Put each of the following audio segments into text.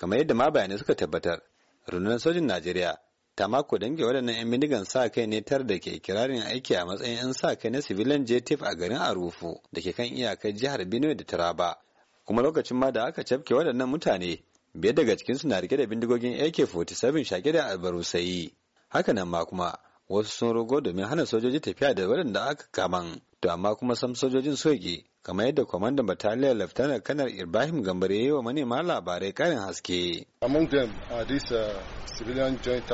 kamar yadda ma bayanai suka tabbatar rundunar sojin najeriya ta mako dange waɗannan 'yan bindigan sa kai ne tar da ke kirarin aiki a matsayin 'yan sa kai na civilian jtf a garin arufu da ke kan iyakar jihar benue da taraba kuma lokacin ma da aka cafke waɗannan mutane biyar daga cikinsu na rike da bindigogin ak-47 shake da albarusayi hakanan ma kuma wasu sun rogo domin hana sojoji tafiya da waɗanda aka kaman to amma kuma sam sojojin soke kamar yadda kwamandan bataliyar laftanar kanar ibrahim gambare ya yi wa manema labarai karin haske among them are this uh, civilian joint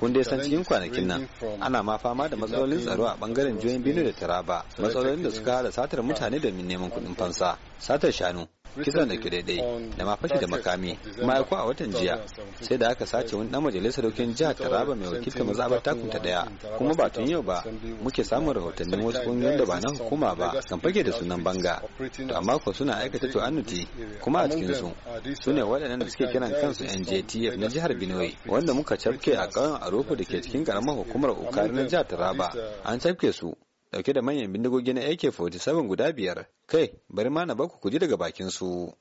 kun dai san cikin kwanakin nan ana ma fama da matsalolin tsaro a bangaren juyin binu da taraba matsalolin da suka hada satar mutane da neman kudin fansa satar shanu kisan da ke daidai da ma fashi da makami kuma ko a watan jiya sai da aka sace wani dan majalisar dokin jihar taraba mai wakilta mazabar takunta daya kuma ba tun yau ba muke samun rahotannin wasu kungiyoyin da ba na hukuma ba kan fage da sunan banga to amma ko suna aikata to annuti kuma a cikin su su ne waɗannan da suke kiran kansu NJTF na jihar Benue wanda muka cafke a ƙauyen aroko da ke cikin karamar hukumar Ukari na jihar Taraba an cafke su dauke da manyan bindigogi na AK47 guda biyar kai bari ma na baku kuji daga bakin su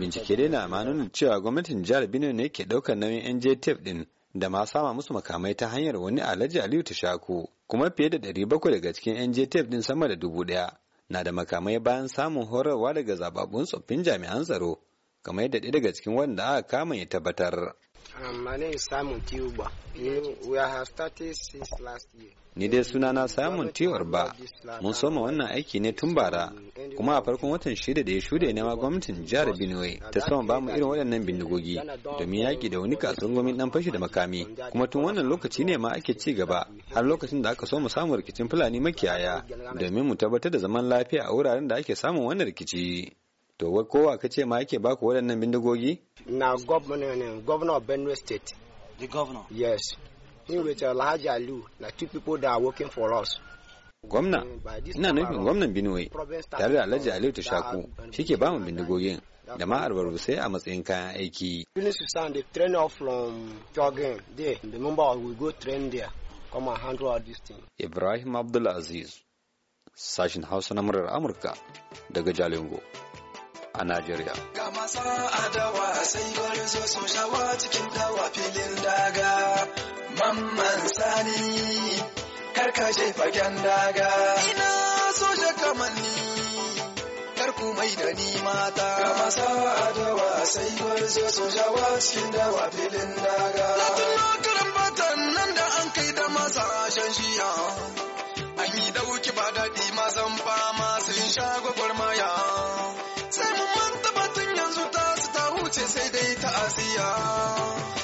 bincike dai na manunin cewa gwamnatin jihar Benue ne ke daukar nauyin NJTF din da ma sama musu makamai ta hanyar wani Alhaji Aliyu Tashaku kuma fiye da ɗari bakwai daga cikin NJTF din sama da dubu ɗaya na da makamai bayan samun horarwa daga zababun tsoffin jami'an tsaro kamar yadda daga cikin wanda aka kama ya tabbatar Ni dai suna na Simon Tiwar ba, mun soma wannan aiki ne tun bara, kuma a farkon watan shida da ya shuɗe ne ma gwamnatin jihar Benue ta sama mu irin waɗannan bindigogi domin yaƙi da wani kasuwan gwamnati ɗan fashi da makami, kuma tun wannan lokaci ne ma ake ci gaba har lokacin da aka so mu samu rikicin Fulani makiyaya domin mu tabbatar da zaman lafiya a wuraren da ake samun wannan rikici. To wai kowa ka ce ma yake baku waɗannan bindigogi? Na governor of Benue State. The governor? Yes. In with uh, Alhaji Alu, na two people that are working for us. Gwamna, mm, ina nufin gwamnan Benue tare da Alhaji Aliyu shaku shi ke bamu bindigogin da ma sai a matsayin kayan aiki. Finish to Susan, the train off from jogging there. The member will go train there. Come and handle all this thing Ibrahim Abdulaziz, sashin Hausa na murar Amurka daga Jalingo. a Najeriya. Ga masu adawa sai gwarzo sun shawa cikin dawa filin daga. Mamman sani karka je fagen daga. Ina soja kamanni karku mai da ni mata. Ga masu adawa sai gwarzo sun shawa cikin dawa filin daga. Latino batan nan da an kai da masa shan shiya. An yi dauki ba daɗi mazan fama sun shago siya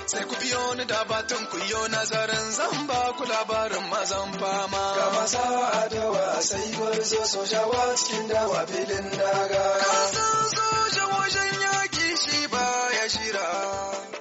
sai ku biyo ni da batun ku yo nazarin zan ba ku labarin mazan fama ga masa adawa sai gwarzo sojawa cikin dawa filin daga kasan soja wajen yaki shi ba ya shira